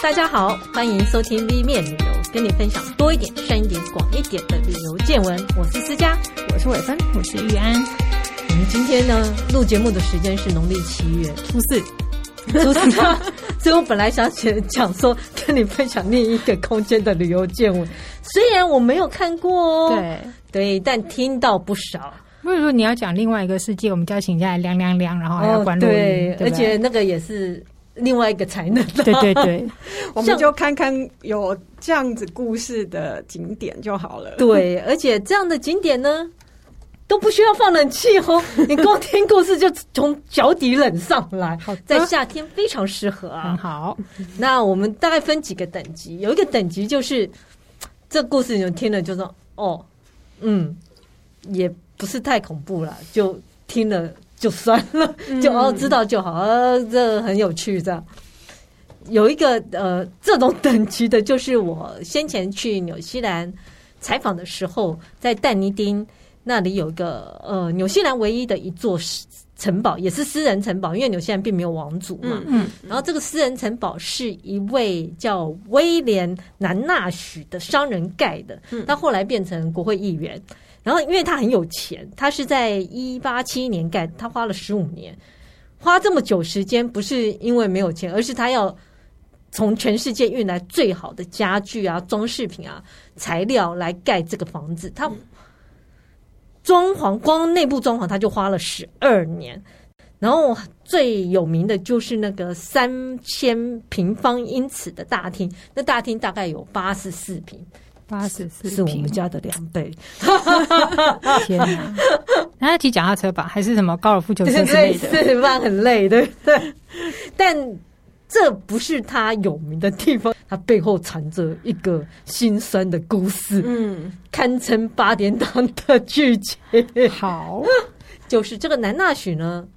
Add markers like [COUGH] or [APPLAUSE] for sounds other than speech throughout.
大家好，歡迎收聽 B 面旅遊，跟你分享多一點、深一點、廣一點的旅遊見聞。我是思佳，我是偉芬，我是玉安。我、嗯、們今天呢錄節目的時間是農曆七月初四，初四。 [LAUGHS] 所以我本來想講講說，跟你分享另一個空間的旅遊見聞。雖然我沒有看過，對對，但聽到不少。所以說你要講另外一個世界，我們就要請下來亮亮亮，然後還要關錄、哦、對，對而且那個也是。另外一個才能， [LAUGHS] 對對對， [LAUGHS] 我們就看看有這樣子故事的景點就好了。對，而且這樣的景點呢，都不需要放冷氣哦， [LAUGHS] 你光聽故事就從腳底冷上來， [LAUGHS] 在夏天非常適合啊。好， [LAUGHS] 那我們大概分幾個等級，有一個等級就是這故事你聽了就說哦，嗯，也不是太恐怖了，就聽了。就算了，就哦，知道就好，哦、這個、很有趣，這有一個呃，這種等級的，就是我先前去紐西蘭採訪的時候，在但尼丁那裡有一個呃，紐西蘭唯一的一座城堡，也是私人城堡，因為紐西蘭並沒有王族嘛。嗯，嗯，然後這個私人城堡是一位叫威廉南納許的商人蓋的，他後來變成國會議員。然後，因為他很有錢，他是在一八七一年蓋，他花了十五年，花這麼久時間不是因為沒有錢，而是他要從全世界運來最好的家具啊、裝飾品啊、材料來蓋這個房子。他裝潢光內部裝潢他就花了十二年，然後最有名的就是那個三千平方英尺的大廳，那大廳大概有八十四平。八十四，是我們家的兩倍， [LAUGHS] 天哪！那他騎腳踏車吧，還是什麼高爾夫球之類的？四十萬很累，對不對？但這不是他有名的地方，他背後藏着一個心酸的故事，嗯，堪稱八點檔的劇情。好，就是這個南納許呢，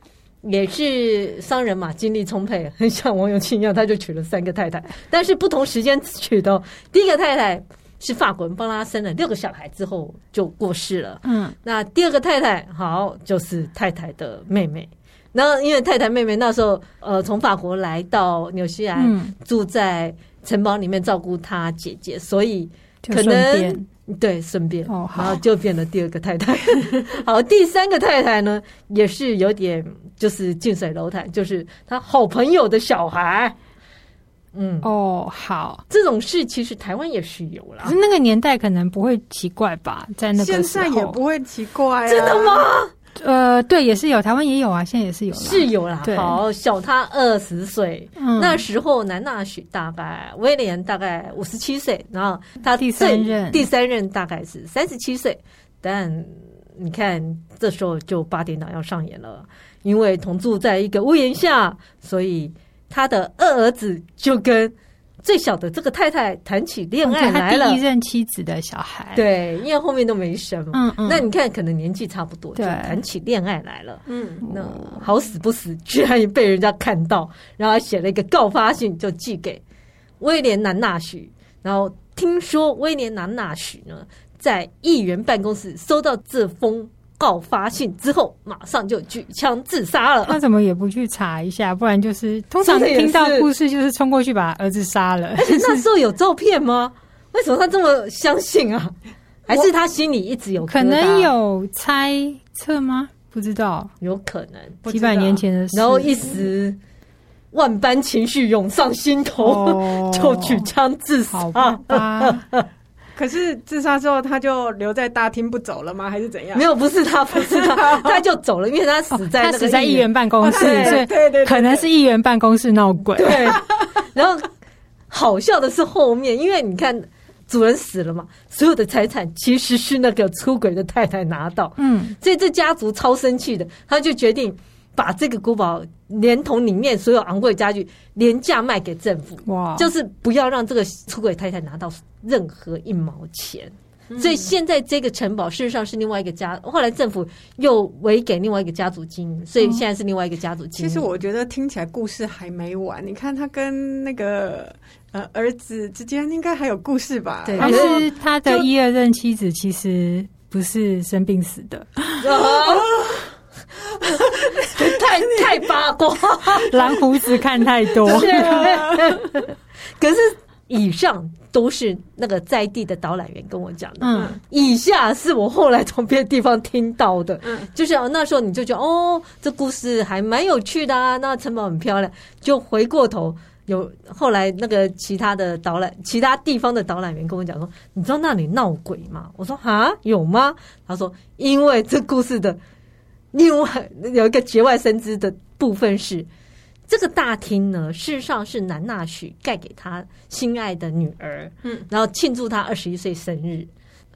也是商人嘛，精力充沛，很像王永慶一樣，他就娶了三個太太，但是不同時間娶的。第一個太太。是法國人，幫他生了六個小孩之後就過世了。嗯，那第二個太太好，就是太太的妹妹。然後因為太太妹妹那時候呃從法國來到紐西蘭，嗯，住在城堡裡面照顧他姐姐，所以可能對，順便，順便哦、好，然後就變了第二個太太。 [LAUGHS] 好，第三個太太呢也是有點就是近水樓台，就是他好朋友的小孩。嗯哦好，這種事其實台灣也是有啦。那個年代可能不會奇怪吧，在那個時候，現在也不會奇怪啊。真的嗎？呃，對，也是有，台灣也有啊，現在也是有，是有啦。對，好，小他二十歲，那時候南娜雪大概威廉大概五十七歲，然後他第三任第三任大概是三十七歲，但你看這時候就八點檔要上演了，因為同住在一個屋檐下，所以。他的二兒子就跟最小的這個太太談起戀愛來了。第一任妻子的小孩，對，因為後面都沒生。嗯，那你看，可能年紀差不多，就談起戀愛來了。嗯，那好死不死，居然也被人家看到，然後寫了一個告發信，就寄給威廉南納許。然後聽說威廉南納許呢，在議員辦公室收到這封，告發信之後，馬上就舉槍自殺了。他怎麼也不去查一下，不然就是通常聽到故事就是衝過去把兒子殺了、欸。那時候有照片嗎？為什麼他這麼相信啊？還是他心裡一直有、啊、可能有猜測嗎？不知道，有可能幾百年前的事。然後一時萬般情緒湧上心頭，哦、 [LAUGHS] 就舉槍自殺。 [LAUGHS] 可是自殺之後，他就留在大廳不走了嗎？還是怎樣？沒有，不是他，不是他， [LAUGHS] 他就走了，因為他死在那個、哦、他死在議員辦公室，啊、對對對對對，可能是議員辦公室鬧鬼。對，然後好笑的是後面，因為你看主人死了嘛，所有的財產其實是那個出軌的太太拿到，嗯，所以這家族超生氣的，他就決定。把這個古堡連同裡面所有昂貴家具廉價賣給政府，哇！就是不要讓這個出軌太太拿到任何一毛錢。嗯。所以現在這個城堡事實上是另外一個家，後來政府又委給另外一個家族經營，所以現在是另外一個家族經營。嗯。其實我覺得聽起來故事還沒完，你看他跟那個呃兒子之間應該還有故事吧？對，對，還是他的第二任妻子其實不是生病死的。 [LAUGHS] [LAUGHS] 太八卦，藍鬍子看太多 [LAUGHS] 是嗎。 [LAUGHS] 可是以上都是那個在地的導覽員跟我講的，嗯，以下是我後來從別的地方聽到的，嗯，就是、啊、那時候你就覺得哦，這故事還蠻有趣的啊，那城堡很漂亮。就回過頭有後來那個其他的導覽，其他地方的導覽員跟我講說，你知道那裡鬧鬼嗎？我說蛤，有嗎？他說，因為這故事的。另外有一個節外生枝的部分是，這個大廳呢，事實上是南娜許蓋給他心愛的女兒，嗯，然後慶祝他二十一歲生日。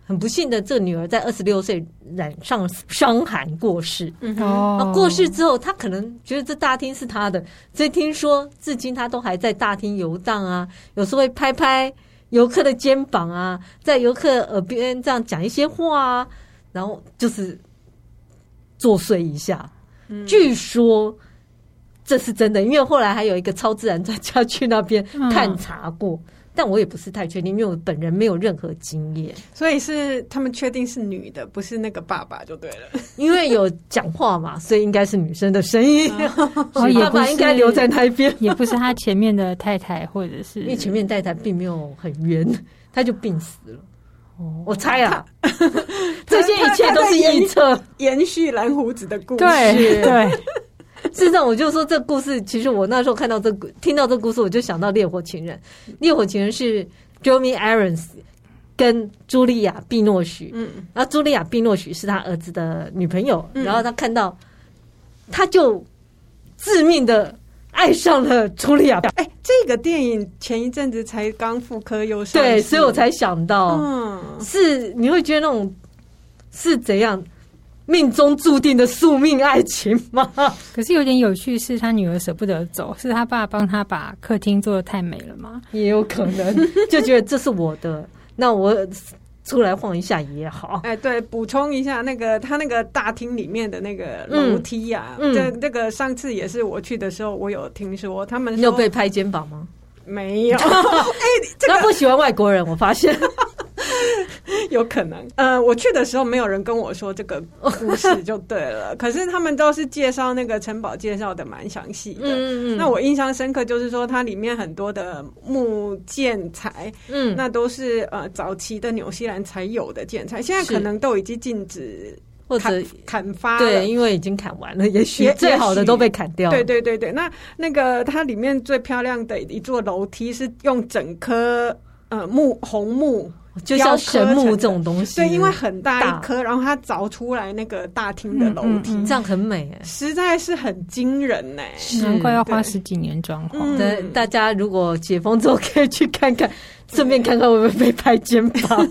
很不幸的，這個女兒在二十六歲染上傷寒過世。哦、嗯，那過世之後，他可能覺得這大廳是他的，所以聽說至今他都還在大廳遊蕩啊，有時候會拍拍遊客的肩膀啊，在遊客耳邊這樣講一些話啊，然後就是。作祟一下、嗯，據說這是真的，因為後來還有一個超自然專家去那邊探查過、嗯，但我也不是太確定，因為我本人沒有任何經驗，所以是他們確定是女的，不是那個爸爸就對了，因為有講話嘛， [LAUGHS] 所以應該是女生的聲音。嗯 [LAUGHS] 哦、 [LAUGHS] 爸爸應該留在那一邊， [LAUGHS] 也不是他前面的太太，或者是因為前面的太太並沒有很冤，他就病死了。哦、我猜啊，這些一切都是預測，延續藍鬍子的故事。對對， [LAUGHS] 事實上，我就說這故事，其實我那時候看到這，聽到這故事，我就想到烈火情人，《烈火情人》。《烈火情人》是 Jeremy Irons 跟茱莉亞·碧諾許，嗯，那茱莉亞·碧諾許是他兒子的女朋友，嗯、然後他看到，他就致命的。愛上了朱莉亞哎，這個電影前一陣子才剛復刻，有對，所以我才想到，嗯、是你會覺得那種是怎樣命中注定的宿命愛情嗎？可是有點有趣，是他女兒捨不得走，是他爸幫他把客廳做得太美了嗎？也有可能，就覺得這是我的， [LAUGHS] 那我。出來晃一下也好。哎，對，補充一下，那個他那個大廳裡面的那個樓梯呀，啊，嗯，嗯，這這個上次也是我去的時候，我有聽說他們。你有被拍肩膀嗎？沒有。哎，他不喜歡外國人，我發現。 [LAUGHS] [LAUGHS] 有可能，呃，我去的時候沒有人跟我說這個故事，就對了。 [LAUGHS] 可是他們都是介紹那個城堡，介紹的蠻詳細的。嗯嗯，那我印象深刻就是說，它裡面很多的木建材，嗯，那都是呃早期的紐西蘭才有的建材，現在可能都已經禁止或者砍伐了。對，因為已經砍完了，也許最好的都被砍掉了。對對對對。那那個它裡面最漂亮的一座樓梯是用整棵，呃木紅木。就像神木這種東西，對，因為很大一棵，然後它鑿出來那個大廳的樓梯，嗯嗯、這樣很美、欸，實在是很驚人呢、欸。是，難怪要花十幾年裝潢。對，但大家如果解封之後可以去看看，順、嗯、便看看會不會被拍肩膀。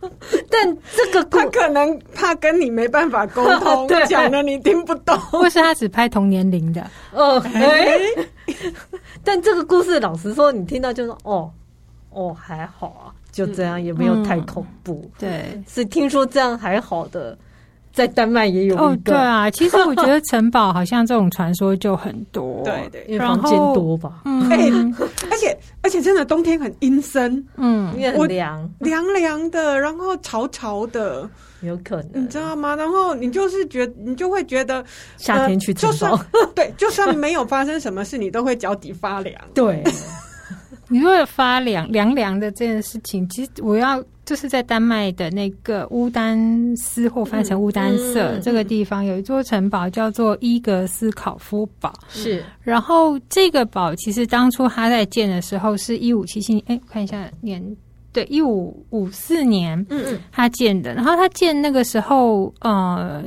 [LAUGHS] [LAUGHS] 但這個故他可能怕跟你沒辦法溝通， [LAUGHS] 講了你聽不懂， [LAUGHS] 或是他只拍同年齡的。ok、哦哎、 [LAUGHS] 但這個故事老實說，你聽到就說哦，哦，還好啊。就這樣也沒有太恐怖，對、嗯，是聽說這樣還好的，嗯、在丹麥也有一個、哦、對啊。其實我覺得城堡好像這種傳說就很多， [LAUGHS] 對，對對，因為房間多吧。嗯，欸、 [LAUGHS] 而且而且真的冬天很陰森，嗯，很涼涼涼的，然後潮潮的，有可能，你知道嗎？然後你就是覺得，你就會覺得夏天去城堡、呃就算，對，就算沒有發生什麼事， [LAUGHS] 你都會腳底發涼。對。 [LAUGHS] 你如果發涼涼涼的這件事情，其實我要就是在丹麥的那個烏丹斯，或翻成烏丹色。嗯嗯、這個地方，有一座城堡叫做伊格斯考夫堡。是，然後這個堡其實當初他在建的時候是一五七七年，哎，看一下年，對，一五五四年他，嗯嗯，建的，然後他建那個時候，呃。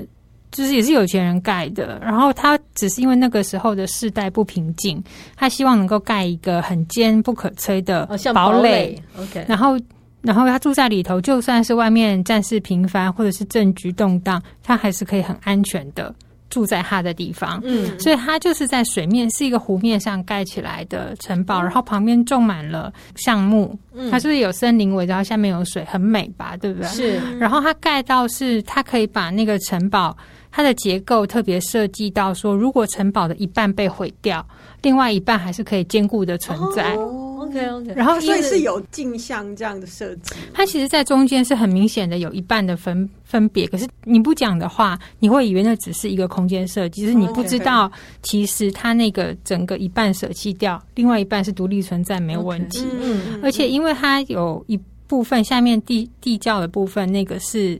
就是也是有錢人蓋的，然後他只是因為那個時候的世代不平靜，他希望能夠蓋一個很堅不可摧的堡壘。OK，、哦、然後 okay. 然後他住在裡頭，就算是外面戰事頻繁或者是政局動盪，他還是可以很安全的住在他的地方。嗯，所以他就是在水面是一個湖面上蓋起來的城堡，嗯、然後旁邊種滿了橡木，嗯、它是有森林圍繞，我下面有水，很美吧？對不對？是。然後他蓋到是他可以把那個城堡。它的結構特別設計到說，如果城堡的一半被毀掉，另外一半還是可以堅固的存在。Oh, OK，OK、okay, okay。然後，所以是有鏡像這樣的設計。它其實，在中間是很明顯的有一半的分分別，可是你不講的話，你會以為那只是一個空間設計，就是你不知道，其實它那個整個一半捨棄掉，另外一半是獨立存在，沒有問題。嗯、okay。而且，因為它有一部分下面地地窖的部分，那個是。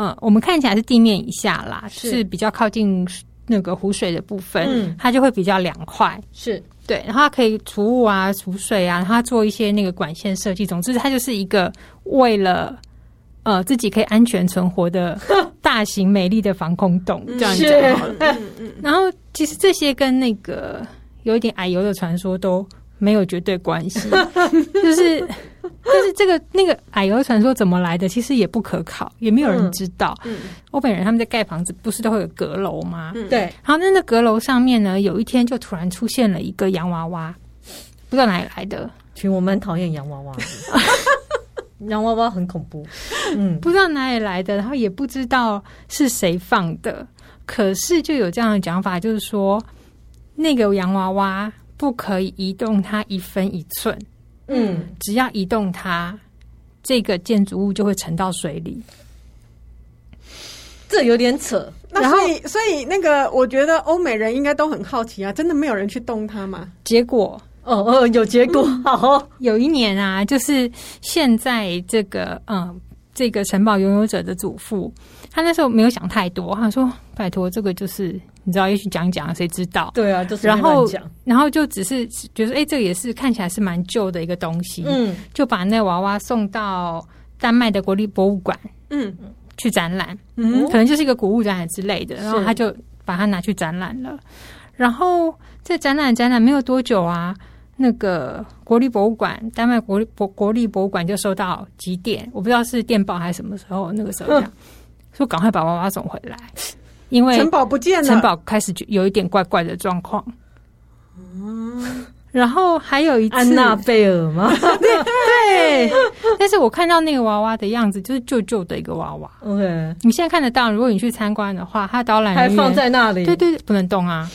嗯、呃，我們看起來是地面以下啦，是，是比較靠近那個湖水的部分，嗯、它就會比較涼快。是對，然後它可以儲物啊、儲水啊，然後它做一些那個管線設計，總之它就是一個為了呃自己可以安全存活的大型美麗的防空洞 [LAUGHS] 這樣子。 [LAUGHS] 然後其實這些跟那個有一點矮油的傳說都沒有絕對關係， [LAUGHS] 就是。就 [LAUGHS] 是這個那個矮油傳說怎麼來的？其實也不可靠，也沒有人知道。嗯嗯、我本人他們在蓋房子，不是都會有閣樓嗎、嗯？對。然後那個閣樓上面呢，有一天就突然出現了一個洋娃娃，不知道哪裡來的。其實我們很討厭洋娃娃， [LAUGHS] 洋娃娃很恐怖。 [LAUGHS] 嗯，不知道哪裡來的，然後也不知道是誰放的。可是就有這樣的講法，就是說那個洋娃娃不可以移動它一分一寸。嗯，只要移動它，這個建築物就會沉到水裡。這有點扯。然後，那所以，所以那個，我覺得歐美人應該都很好奇啊，真的沒有人去動它嗎？結果，哦哦，有結果。好，嗯，有一年啊，就是現在這個，嗯，這個城堡擁有者的祖父。他那時候沒有想太多，他說：“拜託，這個就是你知道，也許講講，誰知道？”對啊，就是然後，然後就只是覺得，哎、就是欸，這個也是看起來是蠻舊的一個東西，嗯，就把那娃娃送到丹麥的國立博物館，嗯，去展覽，嗯，可能就是一個古物展覽之類的、嗯。然後他就把它拿去展覽了。然後在展覽展覽沒有多久啊，那個國立博物館，丹麥國立博國立博物館就收到急電，我不知道是電報還是什麼時候，那個時候這樣。說趕快把娃娃送回來，因為城堡不見了，城堡開始就有一點怪怪的狀況。嗯、 [LAUGHS] 然後還有一次安娜貝爾嗎？ [LAUGHS] 對， [LAUGHS] 對耶 [LAUGHS] 但是我看到那個娃娃的樣子，就是舊舊的一個娃娃。嗯、Okay。你現在看得到，如果你去參觀的話，他導覽還放在那裡，對對對，不能動啊。 [LAUGHS]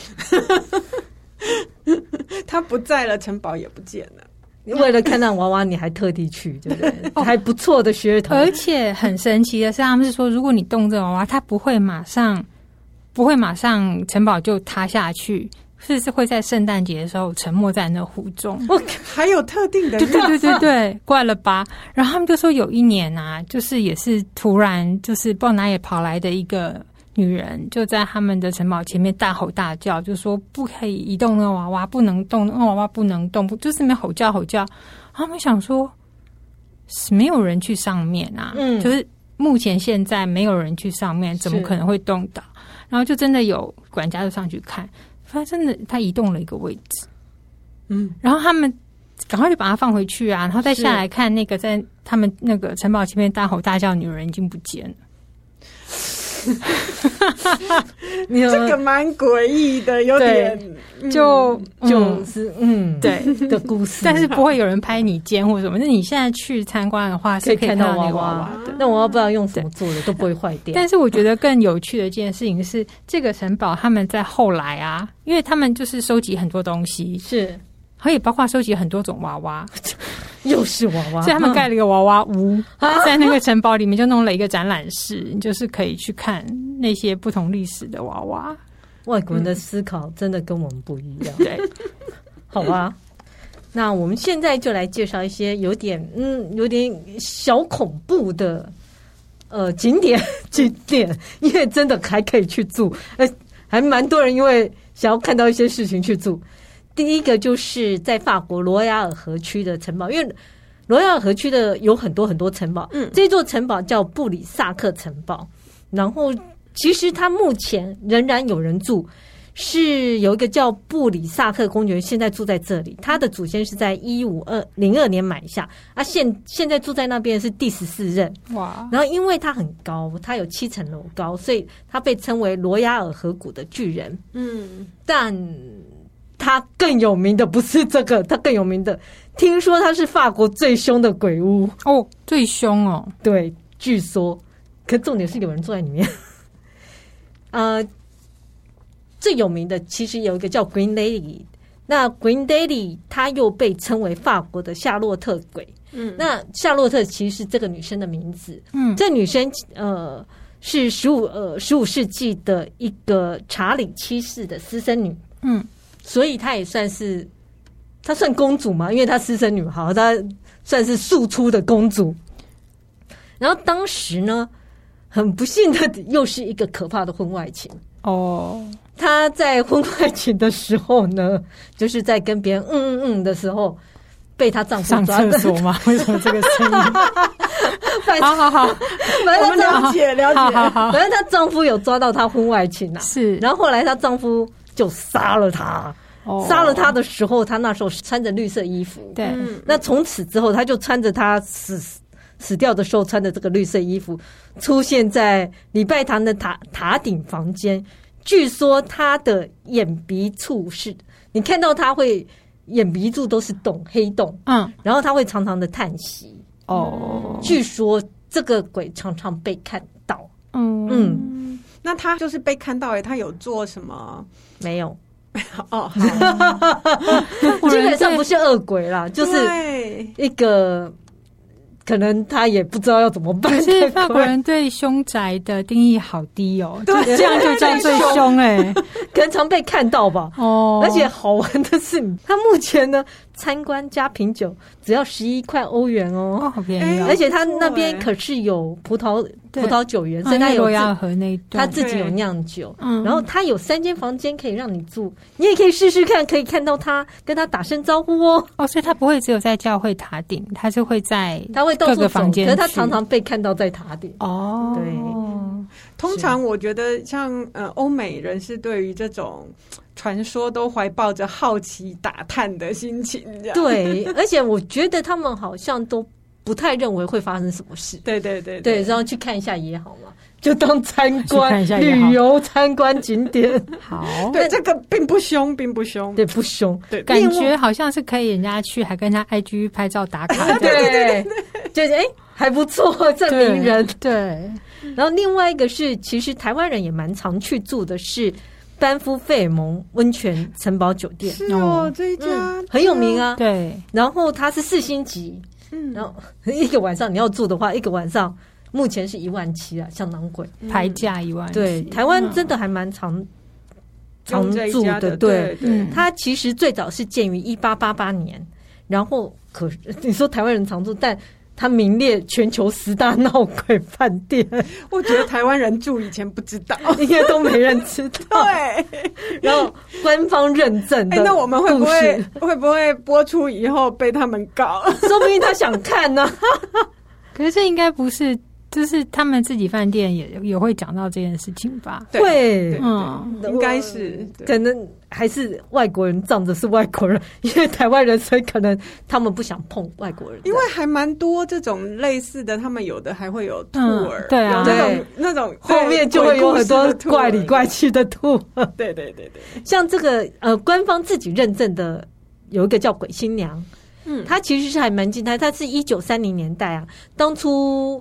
他不在了，城堡也不見了。為了看到娃娃，你還特地去，對不對？哦，還不錯的噱頭。而且很神奇的是，他們是說，如果你動這個娃娃，它不會馬上，不會馬上城堡就塌下去，是不是會在聖誕節的時候沉沒在那湖中？我還有特定的，對對對對對，怪了吧？然後他們就說，有一年啊，就是也是突然就是不知道哪裡跑來的一個。女人就在他們的城堡前面大吼大叫，就說不可以移動那個娃娃，不能動那娃娃，不能動，就是那邊吼叫吼叫。他們想說，沒有人去上面啊，嗯，就是目前現在沒有人去上面，怎麼可能會動的？然後就真的有管家就上去看，發現真的他移動了一個位置，嗯，然後他們趕快就把它放回去啊，然後再下來看那個在他們那個城堡前面大吼大叫女人已經不見了。 [LAUGHS] 這個蠻詭異的，有點就、嗯、就是嗯，嗯，對 [LAUGHS] 的故事。但是不會有人拍你肩或什麼。那 [LAUGHS] 你現在去參觀的話，是可以看到那個娃娃的。那我不知道用什麼做的都不會壞掉。 [LAUGHS] 但是我覺得更有趣的一件事情是，這個城堡他們在後來啊，因為他們就是收集很多東西，是，可以包括收集很多種娃娃。 [LAUGHS] 又是娃娃，所以他們蓋了一個娃娃屋，啊，在那個城堡裡面就弄了一個展覽室，啊、就是可以去看那些不同歷史的娃娃。外國人的思考真的跟我們不一樣，嗯、 [LAUGHS] 對，好吧、啊。那我們現在就來介紹一些有點嗯，有點小恐怖的呃景點景點，因為真的還可以去住，呃、還蠻多人因為想要看到一些事情去住。第一個就是在法國羅亞爾河區的城堡，因為羅亞爾河區的有很多很多城堡。嗯，這座城堡叫布里薩克城堡。然後，其實它目前仍然有人住，是有一個叫布里薩克公爵，現在住在這裡。他的祖先是在一五二零二年買下，啊現，現現在住在那邊是第十四任。哇！然後因為它很高，它有七層樓高，所以它被稱為羅亞爾河谷的巨人。嗯，但。他更有名的不是這個，他更有名的，聽說他是法國最凶的鬼屋哦，最凶哦，對，據說。可重點是有人坐在裡面。啊、 [LAUGHS] 呃，最有名的其實有一個叫 Green Lady，那 Green Lady，她又被稱為法國的夏洛特鬼。嗯，那夏洛特其實是這個女生的名字。嗯，這女生呃是十五呃十五世紀的一個查理七世的私生女。嗯。所以她也算是，她算公主嘛，因為她私生女好，她算是庶出的公主。然後當時呢，很不幸的又是一個可怕的婚外情哦。她、oh. 在婚外情的時候呢，就是在跟別人嗯嗯嗯的時候，被她丈夫抓。上廁所嗎？為什麼這個聲音 [LAUGHS] [LAUGHS] 好？好好好，反正他我們了解了解。好好好，反正她丈夫有抓到她婚外情、啊、 [LAUGHS] 是，然後後來她丈夫。就殺了他。Oh. 殺了他的時候，他那時候是穿着綠色衣服。對。那從此之後，他就穿着他死死掉的時候穿的這個綠色衣服，出現在禮拜堂的塔塔頂房間。據說他的眼鼻處是你看到他會眼鼻處都是洞，黑洞。嗯。然後他會常常的嘆息。哦、oh.。據說這個鬼常常被看到。Oh. 嗯。那他就是被看到哎，他有做什麼？沒有， [LAUGHS] 哦，好 [LAUGHS] [LAUGHS] 基本上不是惡鬼啦。就是一個，可能他也不知道要怎麼辦。是法國人對凶宅的定義好低哦，就這樣就這樣最凶哎， [LAUGHS] 可能常被看到吧。哦、oh.，而且好玩的是，他目前呢。參觀加品酒，只要十一塊歐元哦，哦，好便宜！欸、而且他那邊可是有葡萄、欸、葡萄酒園，所以他有羅亞河那一段，他自己有釀酒。嗯，然後他有三間房間可以讓你住，嗯、你也可以試試看，可以看到他跟他打聲招呼哦。哦，所以他不會只有在教會塔頂，他就會在他會到各個房間，可是他常常被看到在塔頂哦。對，通常我覺得像呃歐美人是對於這種。傳說都懷抱着好奇打探的心情，對， [LAUGHS] 而且我覺得他們好像都不太認為會發生什麼事。對對對對，對，然後去看一下也好嘛，就當參觀一下旅遊，參觀景點。 [LAUGHS] 好，對，這個並不兇，並不兇，對，不兇。對，感覺好像是可以人家去，還跟人家 IG 拍照打卡。對 [LAUGHS] 對對，對，對就，就、欸、哎還不錯，這名人對。對，然後另外一個是，其實台灣人也蠻常去做的，事。班夫費爾蒙溫泉城堡酒店是哦，最、嗯、近、啊、很有名啊，對。然後它是四星級、嗯，然後一個晚上你要住的話，一個晚上目前是一萬七啊，相當貴，排價一萬七。對，台灣真的還蠻常、嗯、住的，的對對，對。嗯，它其實最早是建於一八八八年，然後可你說台灣人常住，但。他名列全球十大鬧鬼飯店，我覺得台灣人住以前不知道，應該都沒人知道。對，然後官方認證，哎，那我們會不會會不會播出以後被他們告？說不定他想看呢、啊 [LAUGHS] 。啊、 [LAUGHS] 可是這應該不是。就是他們自己飯店也也會講到這件事情吧？對，對對對，嗯，應該是可能還是外國人仗着是外國人，因為台灣人所以可能他們不想碰外國人。因為還蠻多這種類似的，他們有的還會有 tour、嗯，對啊，那種，對那種，那種對，後面就會有很多怪裡怪氣的 tour。對對對對，像這個呃，官方自己認證的有一個叫鬼新娘，嗯，他其實是還蠻近代，他是一九三零年代啊，當初。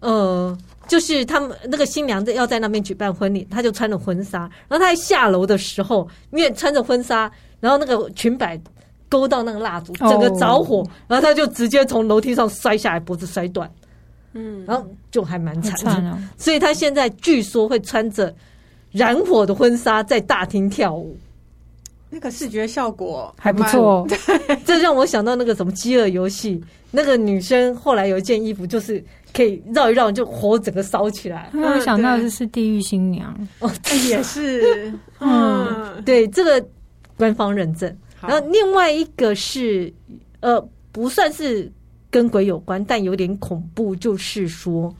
呃，就是他們那個新娘子要在那邊舉辦婚禮，她就穿了婚紗。然後她下樓的時候，因為穿着婚紗，然後那個裙擺勾到那個蠟燭，整個着火、哦，然後她就直接從樓梯上摔下來，脖子摔斷。嗯，然後就還蠻慘的、嗯。所以她現在據說會穿着燃火的婚紗在大廳跳舞，那個視覺效果還不錯、哦、還不錯、哦。 [LAUGHS] 這讓我想到那個什麼《飢餓遊戲》，那個女生後來有一件衣服就是。可以繞一繞，就火整個燒起來。沒、嗯、有想到是地獄新娘哦，這也是嗯，對，這個官方認證。然後另外一個是呃，不算是跟鬼有關，但有點恐怖，就是說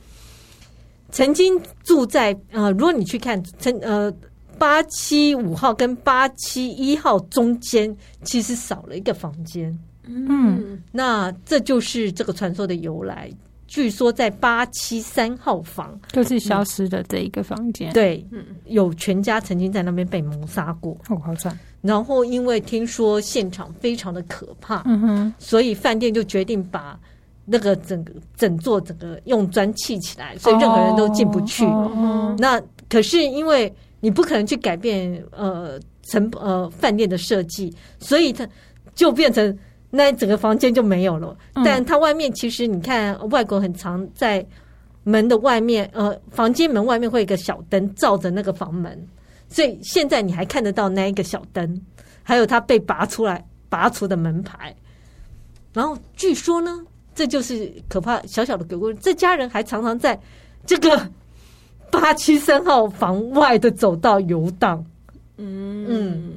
曾經住在呃，如果你去看，曾呃，八七五號跟八七一號中間其實少了一個房間，嗯，嗯，那這就是這個傳說的由來。據說在八七三號房就是消失的這一個房間，嗯，對，有全家曾經在那邊被謀殺過，哦，好慘，然後因為聽說現場非常的可怕，嗯哼，所以飯店就決定把那個整個整座整個用磚砌，砌起來，所以任何人都進不去，哦。那可是因為你不可能去改變呃，成呃，呃飯店的設計，所以它就變成。那整個房間就沒有了，但他外面其實你看，外國很常在門的外面，呃，房間門外面會有一個小燈照着那個房門，所以現在你還看得到那一個小燈，還有他被拔出來拔出的門牌。然後據說呢，這就是可怕小小的鬼故事。這家人還常常在這個八七三號房外的走道遊蕩。嗯。嗯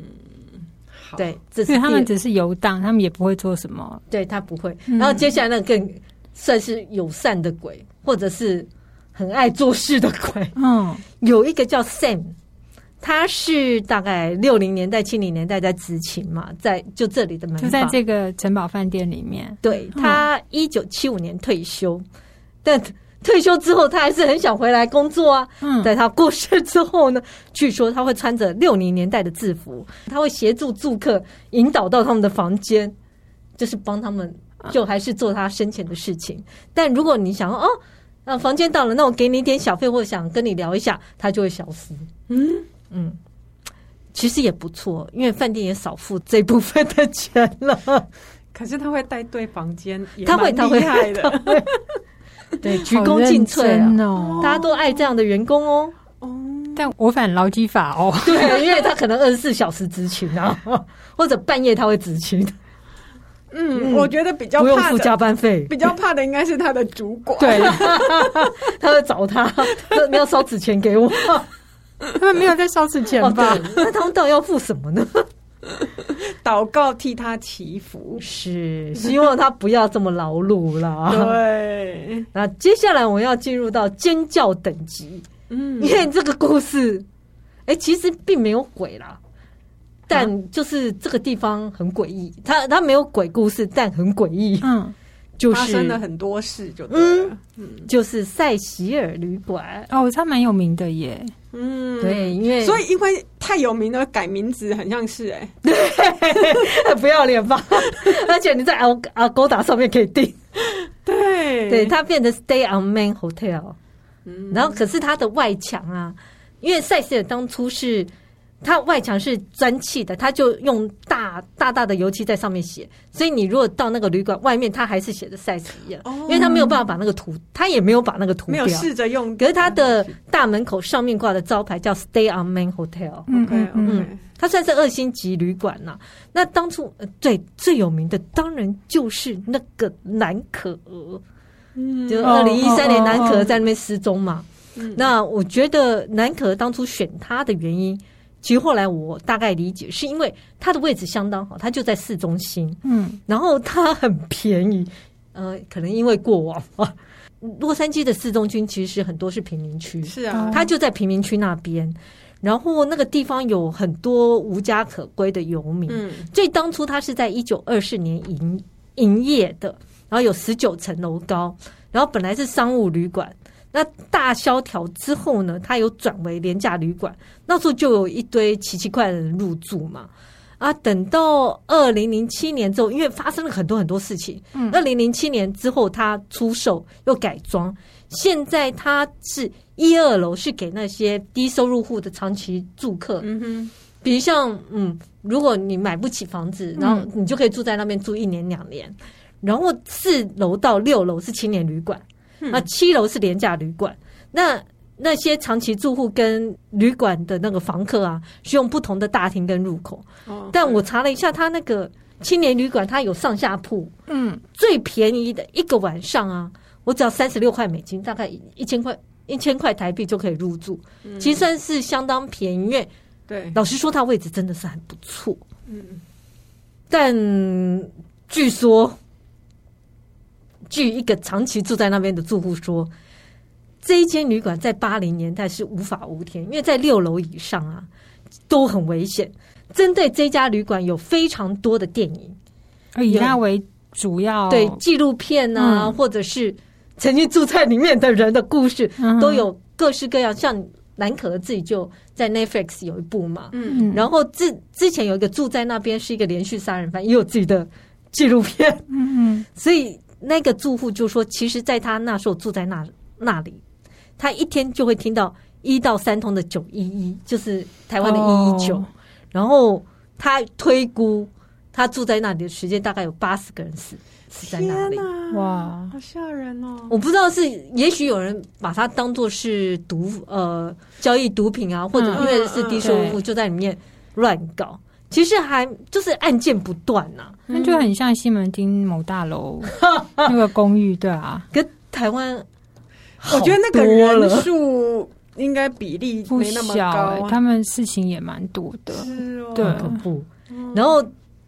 對，只是他們只是遊蕩，他們也不會做什麼。對，他不會、嗯。然後接下來那個更算是友善的鬼，或者是很愛做事的鬼。嗯，有一個叫 Sam，他是大概六零年代、七零年代在執勤嘛，在就這裡的門，就在這個城堡飯店裡面。對，他一九七五年退休，嗯、但。退休之後，他還是很想回來工作啊。嗯，在他過世之後呢，據說他會穿着六零年代的制服，他會協助住客引導到他們的房間，就是幫他們，就還是做他生前的事情。啊、但如果你想說哦，那房間到了，那我給你一點小費，或者想跟你聊一下，他就會消失。嗯嗯，其實也不錯，因為飯店也少付這部分的錢了。可是他會帶對房間，他會，他會的。 [LAUGHS] 對，鞠躬盡瘁哦，大家都愛這樣的員工哦。哦，但我反勞基法哦，對，因為他可能二十四小時執勤啊， [LAUGHS] 或者半夜他會執勤。嗯，我覺得比較怕的不用付加班費，比較怕的應該是他的主管，對，他會找他，他沒有燒紙錢給我， [LAUGHS] 他們沒有在燒紙錢吧？哦，那他們到底要付什麼呢？ [LAUGHS] 禱告替他祈福是，是 [LAUGHS] 希望他不要這麼勞碌了。對，那接下來我要進入到尖叫等級。嗯，因為這個故事，欸，其實並沒有鬼啦，但就是這個地方很詭異。啊，他他沒有鬼故事，但很詭異。嗯。就是、發生了很多事就，就嗯，嗯，就是塞西爾旅館哦，它蠻有名的耶，嗯，對，因為所以因為太有名了，改名字很像是哎，對 [LAUGHS] [LAUGHS] 不要臉吧？ [LAUGHS] 而且你在阿阿勾達上面可以定訂對，對，它變成 Stay on Main Hotel、嗯、然後可是它的外牆啊，因為塞西爾當初是。它外牆是磚砌的，他就用大大大的油漆在上面寫，所以你如果到那個旅館外面，他還是寫着塞子一樣，oh, 因為他沒有辦法把那個圖，他也沒有把那個圖，沒有試着用。可是他的大門口上面掛的招牌叫 Stay on Main Hotel，OK，嗯，他、okay, okay 嗯、算是二星級旅館吶、啊。那當初對，最最有名的當然就是那個南可兒，嗯，就二零一三年南可兒在那邊失蹤嘛。Oh, oh, oh, oh. 那我覺得南可兒當初選他的原因。其實後來我大概理解，是因為它的位置相當好，它就在市中心。嗯，然後它很便宜，呃，可能因為過往，洛杉磯的市中心其實很多是貧民區，是啊，它就在貧民區那邊。然後那個地方有很多無家可歸的游民，嗯，所以當初它是在一九二四年營營業的，然後有十九層樓高，然後本來是商務旅館。那大蕭條之後呢，它有轉為廉價旅館，那時候就有一堆奇奇怪怪的人入住嘛。啊，等到二零零七年之後，因為發生了很多很多事情。嗯，二零零七年之後，它出售又改裝，現在它是一二樓是給那些低收入戶的長期住客。嗯哼，比如像，嗯，如果你買不起房子，然後你就可以住在那邊住一年兩年。然後四樓到六樓是青年旅館。那七樓是廉價旅館，那那些長期住戶跟旅館的那個房客啊，是用不同的大廳跟入口哦。但我查了一下，他、嗯、那個青年旅館，他有上下鋪。嗯，最便宜的一個晚上啊，我只要三十六塊美金，大概一千塊一千塊台幣就可以入住。嗯，其實算是相當便宜。因為對，老實說，它位置真的是很不錯。嗯，但據說。據一個長期住在那邊的住戶說，這一間旅館在八零年代是無法無天，因為在六樓以上啊都很危險。針對這家旅館有非常多的電影，以他為主要，對紀錄片啊、嗯，或者是曾經住在裡面的人的故事、嗯、都有各式各樣。像藍可兒自己就在 Netflix 有一部嘛，嗯，然後之之前有一個住在那邊是一個連續殺人犯，也有自己的紀錄片，嗯，所以。那個住戶就說，其實，在他那時候住在那那裡，他一天就會聽到一到三通的九一一，就是台灣的一一九。然後他推估，他住在那裡的時間大概有八十個人死、啊，死在那裡。哇、wow，好嚇人哦！我不知道是，也許有人把他當作是毒呃交易毒品啊，或者因為是低收入戶就在裡面亂搞。嗯嗯 okay. 其實還就是案件不斷吶，那就很像西門町某大樓那個公寓，對啊。跟台灣，我覺得那個人數應該比例不那麼小，他們事情也蠻多的。對，可不。然後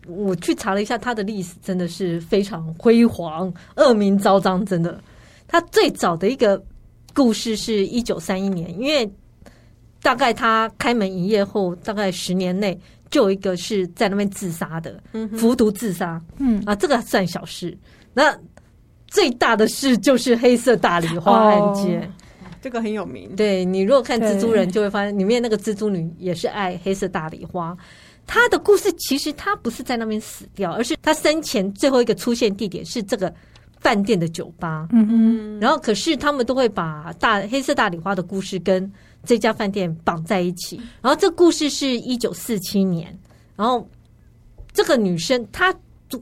我去查了一下他的歷史，真的是非常輝煌，惡名昭彰。真的，他最早的一個故事是一九三一年，因為大概他開門營業後，大概十年內。就有一個是在那邊自殺的、嗯，服毒自殺。嗯啊，這個算小事。那最大的事就是黑色大理花案件、哦，這個很有名。對，你如果看蜘蛛人，就會發現裡面那個蜘蛛女也是愛黑色大理花。她的故事其實她不是在那邊死掉，而是她生前最後一個出現地點是這個飯店的酒吧。嗯嗯，然後可是他們都會把大黑色大理花的故事跟。這家飯店綁在一起，然後這故事是一九四七年，然後這個女生她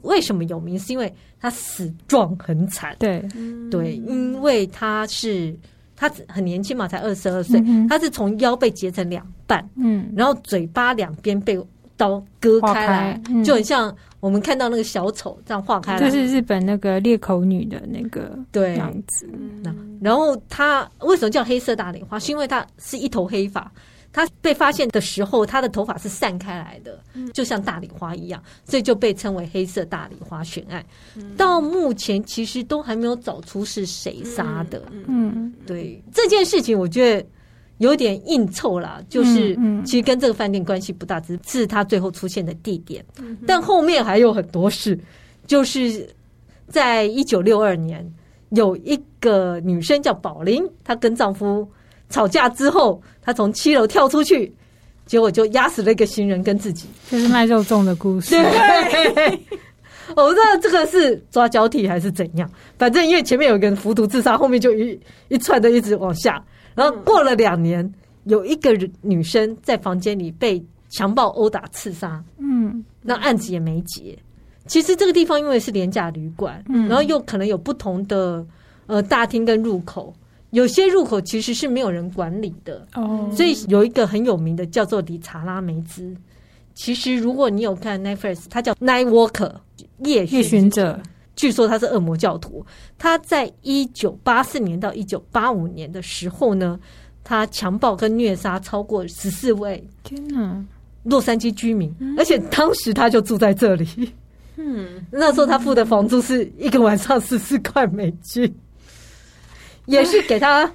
為什麼有名？是因為她死狀很慘，對對，因為她是她很年輕嘛，才二十二歲，她是從腰被截成兩半，嗯，然後嘴巴兩邊被刀割開來開、嗯，就很像我們看到那個小丑這樣劃開來。就是日本那個裂口女的那個樣子。對嗯啊、然後她為什麼叫黑色大理花？是、嗯、因為她是一頭黑髮。她被發現的時候，她的頭髮是散開來的，嗯、就像大理花一樣，所以就被稱為黑色大理花懸案。嗯、到目前，其實都還沒有找出是誰殺的。嗯，嗯對這件事情，我覺得。有點硬湊啦，就是其實跟這個飯店關係不大，只、嗯嗯、是他最後出現的地點、嗯。但後面還有很多事，就是在一九六二年，有一個女生叫寶林，她跟丈夫吵架之後，她從七樓跳出去，結果就壓死了一個行人跟自己。這是賣肉粽的故事。我不知道這個是抓交替還是怎樣？反正因為前面有一個人服毒自殺，後面就一一串的一直往下。然後過了兩年、嗯，有一個女生在房間裡被強暴、毆打、刺殺，嗯，那案子也沒結。其實這個地方因為是廉價旅館，嗯，然後又可能有不同的、呃、大廳跟入口，有些入口其實是沒有人管理的哦，所以有一個很有名的叫做理查拉梅茲。其實如果你有看 Netflix，它叫 Nightwalker，夜夜巡者。據說他是惡魔教徒。他在一九八四年到一九八五年的時候呢，他強暴跟虐殺超過十四位天哪！洛杉磯居民，嗯，而且當時他就住在這裡。嗯，那時候他付的房租是一個晚上十四塊美金，嗯，也是給他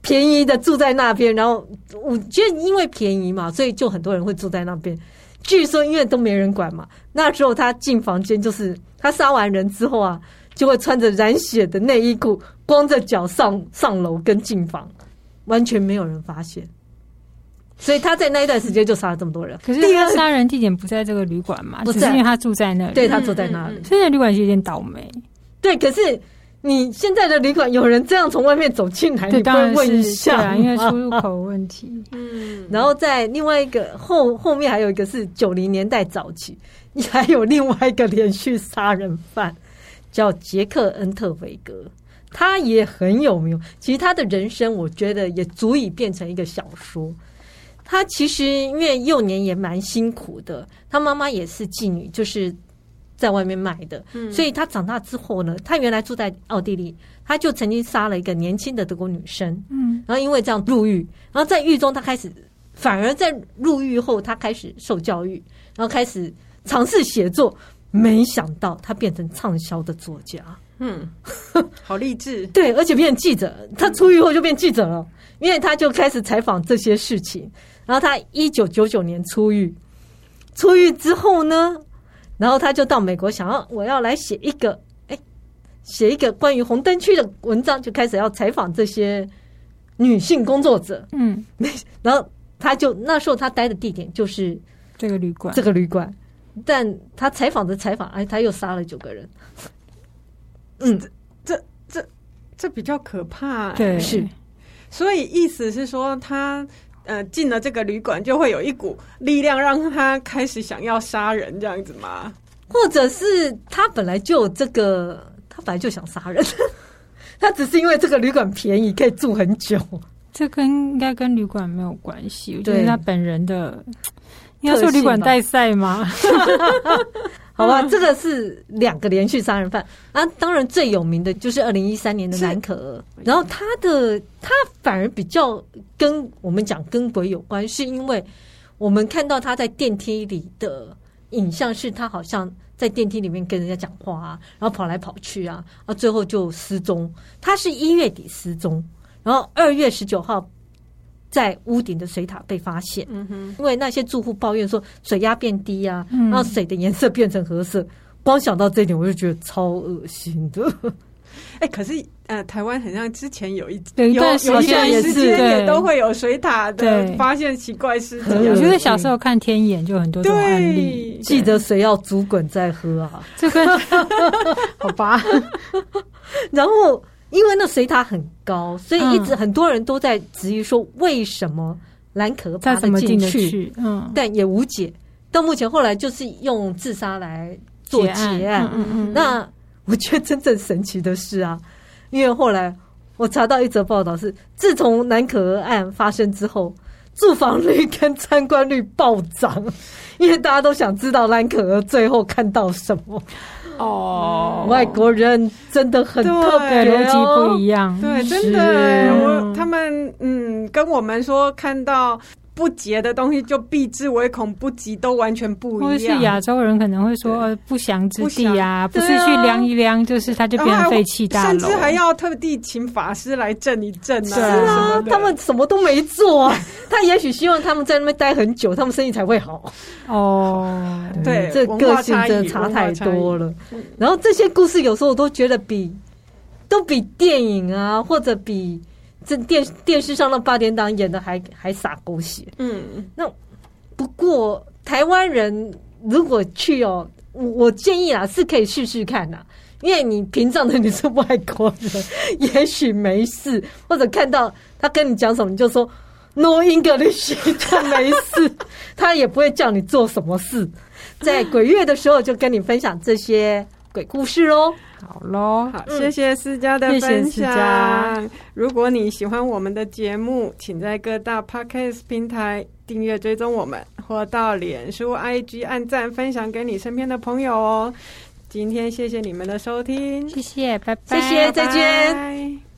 便宜的住在那邊。然後我覺得因為便宜嘛，所以就很多人會住在那邊。據說因為都沒人管嘛，那時候他進房間就是。他殺完人之後啊，就會穿着染血的內衣褲，光着腳上上樓跟進房，完全沒有人發現。所以他在那一段時間就殺了這麼多人。可是第二殺人地點不在這個旅館嘛？不是、啊，是因為他住在那裡，對，他住在那裡。嗯嗯嗯，所以旅館有點倒霉。對，可是你現在的旅館有人這樣從外面走進來，你會問一下，對，當然，對、啊，因為出入口問題。嗯，然後在另外一個後後面還有一個是九零年代早期。你還有另外一個連續殺人犯，叫傑克·恩特維格，他也很有名。其實他的人生，我覺得也足以變成一個小說。他其實因為幼年也蠻辛苦的，他媽媽也是妓女，就是在外面賣的，嗯。所以他長大之後呢，他原來住在奧地利，他就曾經殺了一個年輕的德國女生。嗯，然後因為這樣入獄，然後在獄中，他開始反而在入獄後，他開始受教育，然後開始。嘗試寫作，沒想到他變成暢銷的作家。嗯，好勵志。 [LAUGHS] 對，而且變記者，他出獄後就變記者了，嗯、因為他就開始採訪這些事情。然後他一九九九年出獄，出獄之後呢，然後他就到美國，想要我要來寫一個，哎、欸，寫一個關於紅燈區的文章，就開始要採訪這些女性工作者。嗯，然後他就那時候他待的地點就是這個旅館，這個旅館。但他採訪的採訪，哎，他又殺了九個人。嗯，這這這比較可怕、欸。對是，所以意思是說他，他呃進了這個旅館，就會有一股力量讓他開始想要殺人，這樣子嗎？或者是他本來就這個，他本來就想殺人， [LAUGHS] 他只是因為這個旅館便宜，可以住很久。這跟應該跟旅館沒有關係，對就是他本人的。特殊旅館帶賽嗎？嗎 [LAUGHS] 好吧、嗯，這個是兩個連續殺人犯啊。當然最有名的就是二零一三年的藍可兒，然後他的他反而比較跟我們講跟鬼有關，是因為我們看到他在電梯裡的影像，是他好像在電梯裡面跟人家講話啊，然後跑來跑去啊，啊，最後就失蹤。他是一月底失蹤，然後二月十九號。在屋頂的水塔被發現，嗯哼，因為那些住戶抱怨說水壓變低啊，然、嗯、讓水的顏色變成褐色。光想到這一點，我就覺得超惡心的。哎、欸，可是呃，台灣好像之前有一段有，有一段時間也都會有水塔的發現奇怪事情。我覺得小時候看天眼就很多種案例，記得水要煮滾再喝啊。這個 [LAUGHS] 好吧， [LAUGHS] 然後。因為那水塔很高，所以一直很多人都在質疑說，為什麼藍可兒爬不進去、嗯去嗯，但也無解。到目前後來就是用自殺來做結案，結案嗯嗯嗯。那我覺得真正神奇的是啊，因為後來我查到一則報道是，自從藍可兒案發生之後，住房率跟參觀率暴漲，因為大家都想知道藍可兒最後看到什麼。哦，外國人真的很特別，邏輯不一樣。對，對真的，我他們嗯，跟我們說看到。不潔的東西就避之唯恐不及，都完全不一樣。或是亞洲人可能會說、哦、不祥之地啊，不，想不是去量一量，就是他就變廢棄大樓、啊、甚至還要特地請法師來鎮一鎮。啊。是啊，他們什麼都沒做、啊，他 [LAUGHS] 也許希望他們在那邊待很久，他們生意才會好 [LAUGHS] 哦。對、嗯，這個性真的差太多了。然後這些故事有時候我都覺得比都比電影啊，或者比。這電電視上的八點檔演的還還灑狗血。嗯，那不過台灣人如果去哦，我建議啊是可以試試看吶，因為你屏障的你是外國人，也許沒事，或者看到他跟你講什麼，你就說 [LAUGHS] No English，就沒事，他也不會叫你做什麼事。在鬼月的時候，就跟你分享這些。鬼故事嘍，好咯好，謝謝思佳的分享，嗯謝謝。如果你喜歡我們的節目，請在各大 podcast 平台訂閱追蹤我們，或到臉書、IG 按讚分享給你身邊的朋友哦。今天謝謝你們的收聽，謝謝，拜拜，謝謝，再見。拜拜。